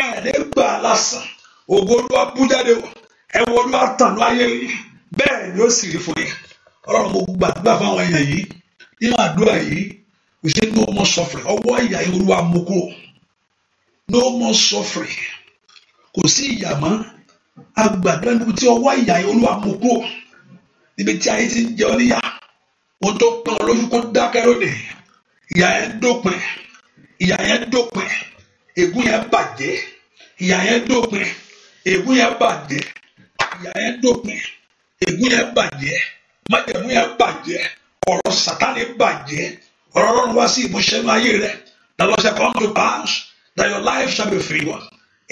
ẹ̀ẹ́dẹ́ gbà lásán ògo olúwa bú jáde wọ ẹwọ olúwa tàn ló ayé yìí bẹ́ẹ̀ ni ó sì rí fún yìí ọlọ́run mo gbàdúrà fáwọn èèyàn yìí nínú àdúrà yìí kò sí no more suffering ọwọ́ ìyà yìí olúwa mú kúrò no more suffering kò sí ìyà mọ́ agbàdúrà níbi tí ọwọ́ ìyà yìí olúwa mú kúrò níbi tí ayé ti ń jẹ ọ́ níyà ohun tó pọn lójú kó dákẹ́ lónìí ìyà yẹn dópin ìyà yẹn dópin ègún yẹn bàjẹ́ ìyà yẹn dópin ègún yẹn bàjẹ́ ìyà yẹn dópin ègún yẹn bàjẹ́ májẹ̀mú yẹn bàjẹ́ ọ̀rọ̀ sátánì bàjẹ́ ọ̀rọ̀ ọlọ́run wá sí ìmúṣẹ ní ayé rẹ that was a come to pass that your life shall be free one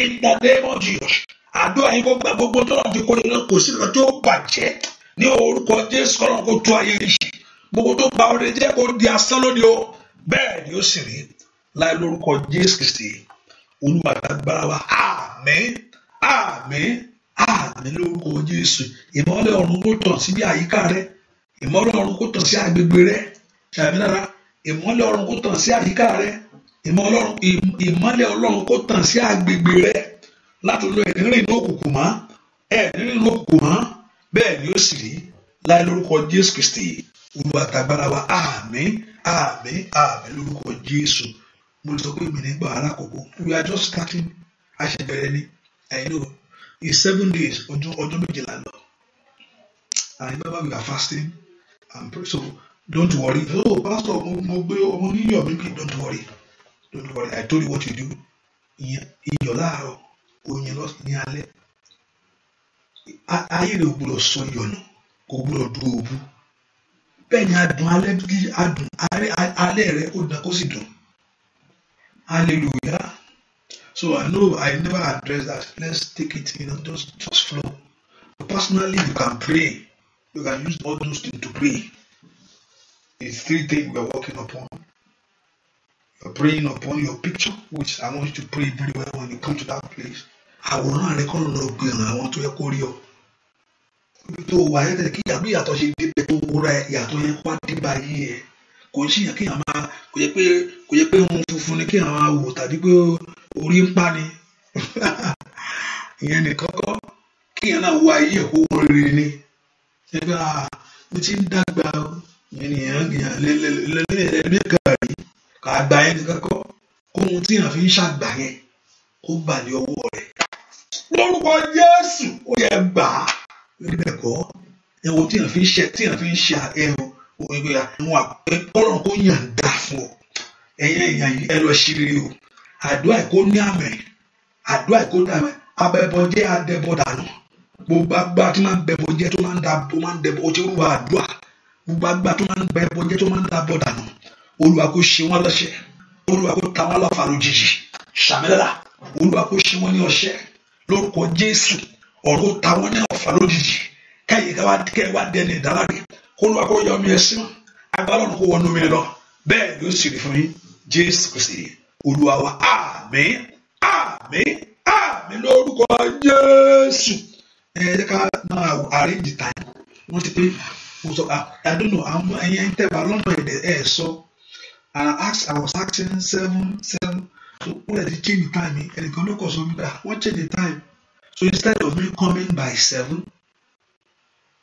in the name of Jesus àdúrà yín gbogbo gbogbo tó náà ti kó nínú kò sí nǹkan tó bàjẹ́ ní orúkọ Jésù kọ́nà kó tó ayé yìí gbogbo tó gba ọ̀rẹ́ jẹ́ kó di asán lónìí o bẹ́ẹ̀ ni ó sì rí láì lórúkọ Jésù Kristi Olúwa agbára wa àmín àmín àmín lórúkọ Jésù ìmọ́lẹ̀ ọ̀run kó tàn síbi àyíká rẹ ìmọ́lẹ̀ ọ̀run kó tàn sí agbègbè rẹ ṣàmì lára ìmọ́lẹ̀ ọ̀run kó tàn sí àyíká rẹ ìmọ́lẹ̀ ọlọ́run kó tàn sí agbègbè rẹ láti lo ìrìnrìn inú òkùnkùn mọ́ ẹ̀ẹ́dínrín inú òkùnkùn mọ́ bẹ́ẹ̀ ni ó sì rí láì lórúkọ Jésù Kristi Olúwa wa àmín àmín àmín lórúkọ jésù mo sọ pé mi nígbà alákòókò we are just starting àṣẹbẹ̀rẹ̀ ni i know in seven days ọdún ọdún méjìlá lọ and remember we are fasting and pray so don't worry so pastor mo gbé ọmọ yíyọ mi bi don't worry don't worry i told you what to do iyọ̀ láàárọ̀ oyin lọ ní alẹ́ ayé rẹ̀ ò gbọ́dọ̀ sọ iyọ̀ nù kò gbọ́dọ̀ dúró òbu bẹ́ẹ̀ ni adùn alẹ́ kí adùn alẹ́ rẹ kó dán kó sì dùn hallelujah so i know i never address that let's take it you know just just flow personally you can pray you can use all those things to pray it's three things we are working upon you are praying upon your picture which i want you to pray very well when you come to that place àwòrán rẹ kọ́ ló lọ gbìyànjú àwọn tó yẹ kó rí ọ ibi tó wà yẹn tẹ kí àbí ìyàtọ̀ ṣe débẹ̀ tó wúra ẹ ìyàtọ̀ yẹn wá débà yí ẹ kò ń ṣèyàn kéèyàn máa kò yẹ pé kò yẹ pé ohun funfun ni kéèyàn máa wò tàbí pé orí ń pa ni ìyẹn nìkan kọ́ kéèyàn náà wo ayé ẹ̀kọ́ wọn rere ni ẹgbẹ́ à ah, mo ti ń dàgbà o ìyẹn nìyẹn yàn lẹ́lẹ́lẹ́lẹ́ gàrí kà á gba yẹn nìkan kọ́ ohun tí yàn fi ń ṣàgbà yẹn kó bà ní ọwọ́ rẹ̀ lórúkọ Jésù ó yẹ gbà á níbẹ̀ kọ́ ẹ wo tí èèyàn fi ń ṣe tí èèyàn fi ń ṣe ẹ̀rọ òwe àwọn àpẹ kọ́lọ̀ kó yàn dà fún ọ ẹ̀yẹ èèyàn yìí ẹ lọ sí rere o àdúrà kó ní àmì àdúrà kó ní àmì abẹ́bọjẹ́ adẹ́bọdànù gbogbo agbá máa ń bẹbọjẹ́ tó máa ń da tó máa ń dẹbọ ó ti rú àdúrà gbogbo agbá tó máa ń bẹbọjẹ́ tó máa ń da bọdànù olúwa kó ṣe wọ́n lọ́ṣẹ́ olúwa kó ta wọ́n lọ́fà lójijì ṣàmìlára olúwa kó ṣe wọ́n ní ọṣẹ́ lórúkọ jésù ọ̀rọ̀ ta wọ́n ní ọ̀fà lójijì káyé ká wá dẹni ìdáláre kó ló wá kó yọ omi ẹsìn agbára ọ̀nà kó wọnú mi lọ bẹ́ẹ̀ ló sì rí fún yín jésù kristi olúwa wa àmín àmín àmín lórúkọ jésù ẹ jẹ́ ká máa arrange time wọ́n ti pé mo sọ àdúnnù ah, àwọn ẹ̀yẹ ń tẹ̀wá lọ́nà ẹ̀dẹ̀ ẹ̀ sọ I was asking seven seven so wọ́n lè di change time ẹnìkan ló kọ̀ sọ wípé ah, wọ́n change the time. So instead of me coming by seven,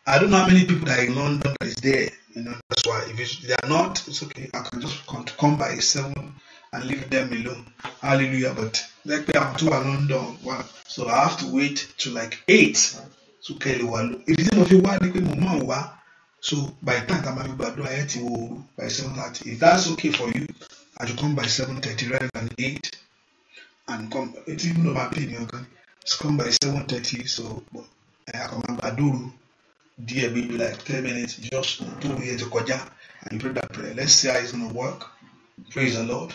I don't know how many people that are in London that is there. You know, that's why if they are not, it's okay. I can just come, to come by seven and leave them alone. Hallelujah. But like I'm too to London, wow. so I have to wait to like eight. So Kelly Walu. It is not if you want to wa. So by the time I'm going to eight by seven thirty. If that's okay for you, I should come by seven thirty rather than eight, and come. It's even over opinion. Okay? It's come by 7.30, so eh, I come and baduru. Dear maybe like 10 minutes, just two here to koja and you pray that prayer. Let's see how it's gonna work. Praise the Lord.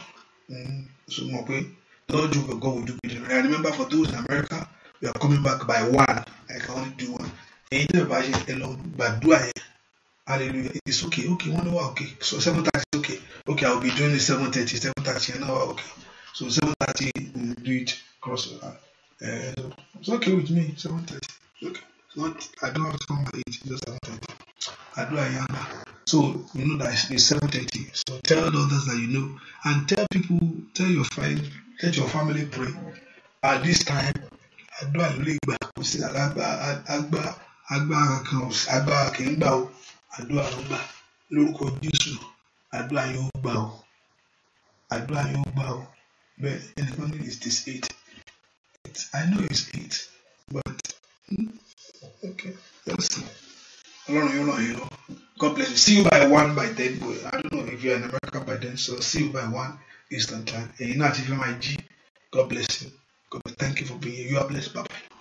Mm. So my way, Lord, you will do it. And I remember for those in America, we are coming back by one. I can only do one. èyí tó bá ṣe ẹ lọ gbàdúrà yẹn hallelujah it's okay okay one hour. okay so seven thirty okay okay i will be doing the seven thirty seven thirty yẹn náà okay so seven thirty we do it cross over. Uh, it's okay with me, 7.30. It's okay. It's not, I don't have to come by 8, it's just 7.30. I do a am. So you know that it's 7.30. So tell others that you know. And tell people, tell your friends, let your family pray. At this time, I àdúrà ló lè gbà kò agba, agbára agba agbára kì í gbà o àdúrà ló gbà lórúkọ Jésù àdúrà yóò gbà o àdúrà yóò gbà o bẹ́ẹ̀ ẹnìkan ní it is eight I know it's eight, but hmm, okay, let's see. Ọlọ́run yóò ràn yín God bless you. See you by one by ten. But I don't know if you're in America by then, so see you by one Eastern time. And you're not even my G. God bless you. God Thank you for being here. You are blessed. Bye bye.